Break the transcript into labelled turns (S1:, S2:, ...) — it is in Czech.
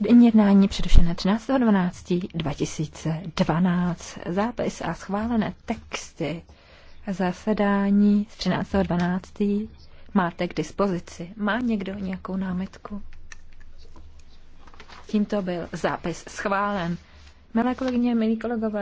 S1: Denní jednání předušené 13.12.2012. Zápis a schválené texty zasedání z 13.12. máte k dispozici. Má někdo nějakou námitku? Tímto byl
S2: zápis schválen.
S1: Milé kolegyně, milí kolegové,